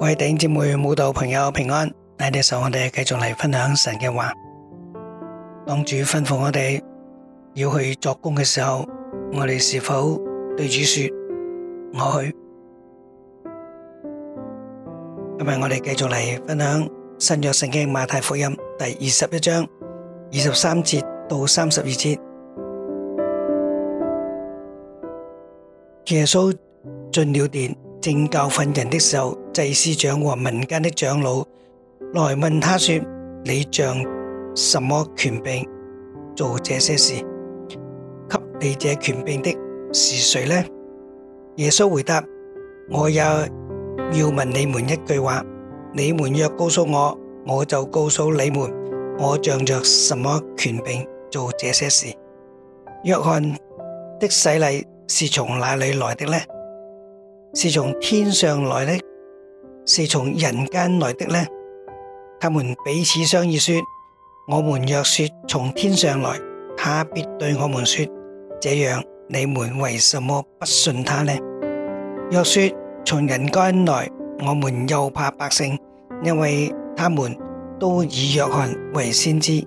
各位弟兄姊妹、舞蹈朋友平安，喺呢時候我哋繼續嚟分享神嘅話。當主吩咐我哋要去作工嘅時候，我哋是否對主說我去？今日我哋繼續嚟分享新約聖經馬太福音第二十一章二十三節到三十二節。耶穌進了殿正教訓人的時候。祭司長和民間的長老來問他說：你仗什麼權柄做這些事？給你這權柄的是誰呢？耶穌回答：我也要問你們一句話，你們若告訴我，我就告訴你們。我仗着什麼權柄做這些事？約翰的洗禮是從哪裏來的呢？是從天上來的，是從人間來的呢？他們彼此商議說：我們若說從天上來，他必對我們說：這樣你們為什麼不信他呢？若說從人間來，我們又怕百姓，因為他們都以約翰為先知。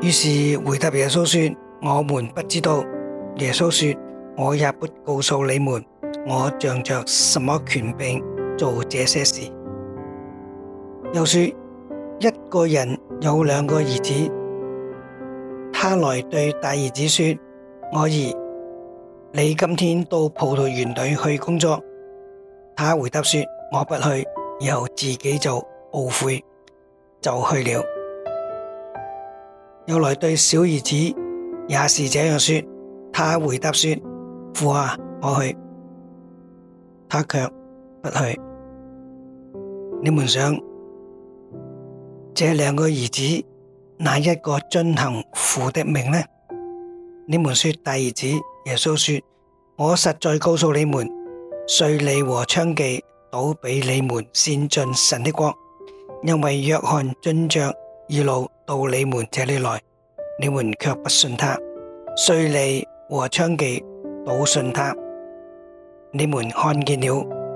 於是回答耶穌說：我們不知道。耶穌說：我也不告訴你們，我仗着什麼權柄？做這些事，又說一個人有兩個兒子，他來對大兒子說：我兒，你今天到葡萄園裏去工作。他回答說：我不去，以後，自己就懊悔就去了。又來對小兒子也是這樣說，他回答說：父啊，我去。他卻不去，你們想這兩個兒子哪一個遵行父的命呢？你們說，大兒子。耶穌說：我實在告訴你們，稅吏和娼妓倒比你們先進神的國，因為約翰遵著義路到你們這裏來，你們卻不信他；稅吏和娼妓倒信他，你們看見了。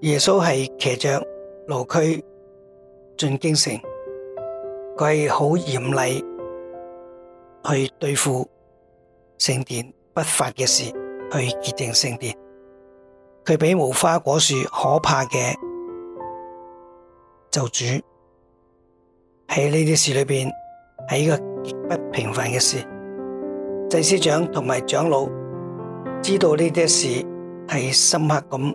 耶穌係騎着驢駒進京城，佢係好嚴厲去對付聖殿不法嘅事，去潔淨聖殿。佢比無花果樹可怕嘅救主喺呢啲事裏邊，係一個極不平凡嘅事。祭司長同埋長老知道呢啲事係深刻咁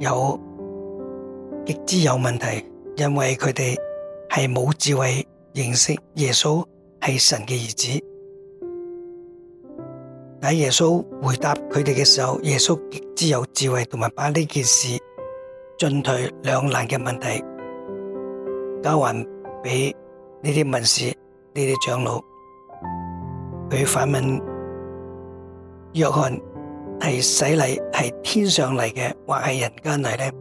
有極之有問題，因為佢哋係冇智慧認識耶穌係神嘅兒子。喺耶穌回答佢哋嘅時候，耶穌極之有智慧，同埋把呢件事進退兩難嘅問題交還俾呢啲文士、呢啲長老。佢反問，約翰。係洗禮，係天上嚟嘅，或係人間嚟嘅。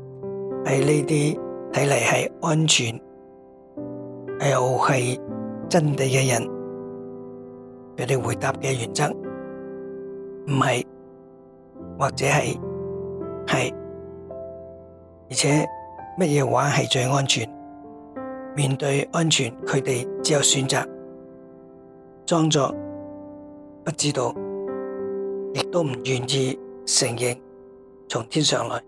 係呢啲睇嚟係安全，又係真理嘅人，佢哋回答嘅原則唔係，或者係係，而且乜嘢話係最安全？面對安全，佢哋只有選擇裝作不知道。亦都唔願意承認從天上來。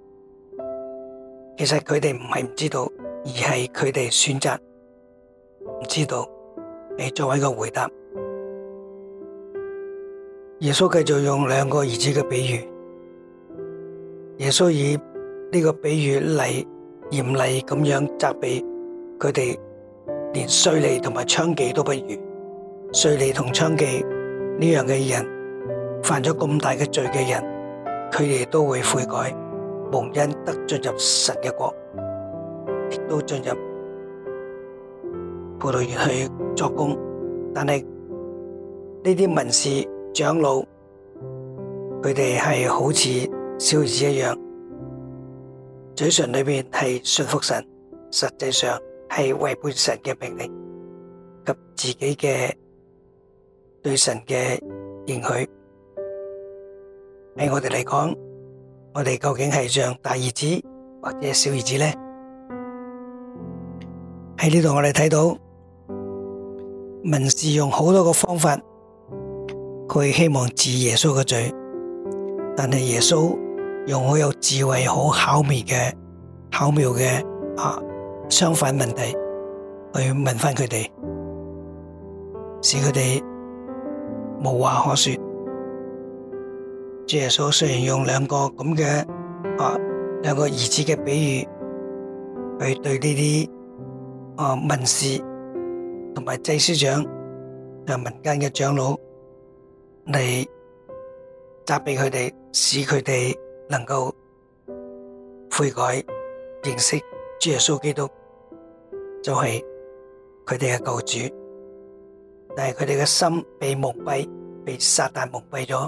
其實佢哋唔係唔知道，而係佢哋選擇唔知道。你作為一個回答，耶穌繼續用兩個兒子嘅比喻。耶穌以呢個比喻嚟嚴厲咁樣責備佢哋，連稅吏同埋娼妓都不如。稅吏同娼妓呢樣嘅人，犯咗咁大嘅罪嘅人，佢哋都會悔改，蒙恩得進入神嘅國，都進入葡萄園去作工。但係呢啲文士長老，佢哋係好似小子一樣，嘴唇裏面係信服神，實際上係違背神嘅命令及自己嘅對神嘅認許。喺我哋嚟講，我哋究竟係像大兒子或者小兒子呢？喺呢度我哋睇到，文士用好多個方法，佢希望治耶穌嘅罪，但係耶穌用好有智慧、好巧妙嘅巧妙嘅啊相反問題，去問翻佢哋，使佢哋無話可說。主耶穌雖然用兩個咁嘅，啊兩個兒子嘅比喻，去對呢啲啊文士同埋祭司長啊民間嘅長老嚟責備佢哋，使佢哋能夠悔改認識主耶穌基督，就係佢哋嘅救主。但係佢哋嘅心被蒙蔽，被撒旦蒙蔽咗。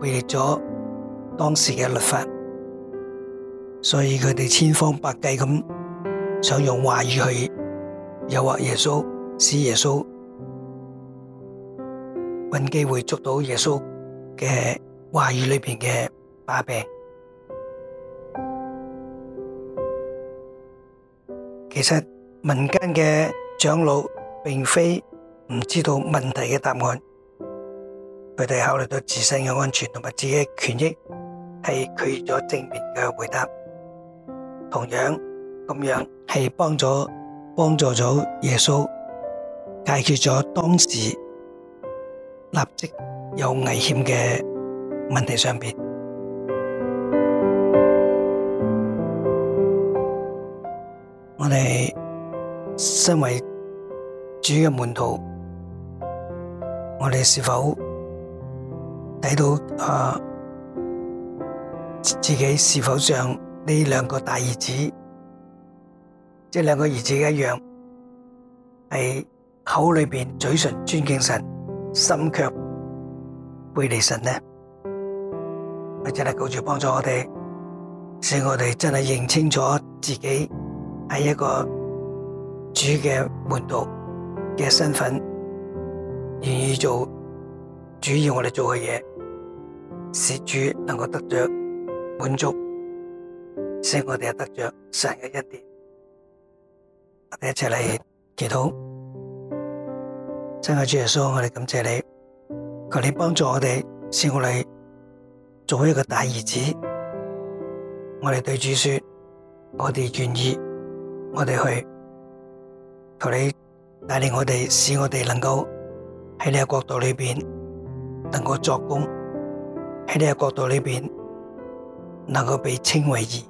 背逆咗當時嘅律法，所以佢哋千方百計咁想用話語去誘惑耶穌，使耶穌揾機會捉到耶穌嘅話語裏邊嘅把柄。其實民間嘅長老並非唔知道問題嘅答案。佢哋考慮到自身嘅安全同埋嘅自己權益，係拒絕咗正面嘅回答。同樣咁樣係幫助幫助咗耶穌解決咗當時立即有危險嘅問題上面。我哋身為主嘅門徒，我哋是否？睇到啊，自己是否像呢兩個大兒子，即係兩個兒子一樣，係口裏面嘴唇尊敬神，心卻背離神呢？佢真係夠住幫助我哋，使我哋真係認清楚自己喺一個主嘅門徒嘅身份，願意做。主要我哋做嘅嘢，使主能夠得着滿足，使我哋又得着神嘅恩典。我哋一齊嚟祈禱，親愛嘅主耶穌，我哋感謝你，求你幫助我哋，使我哋做一個大兒子。我哋對主說，我哋願意，我哋去，求你帶領我哋，使我哋能夠喺你嘅國度裏邊。能夠作工喺呢個角度裏面，能夠被稱為義，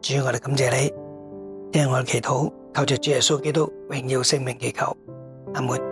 主我哋感謝你，聽我哋祈禱，靠着主耶穌基督榮耀聖名祈求，阿門。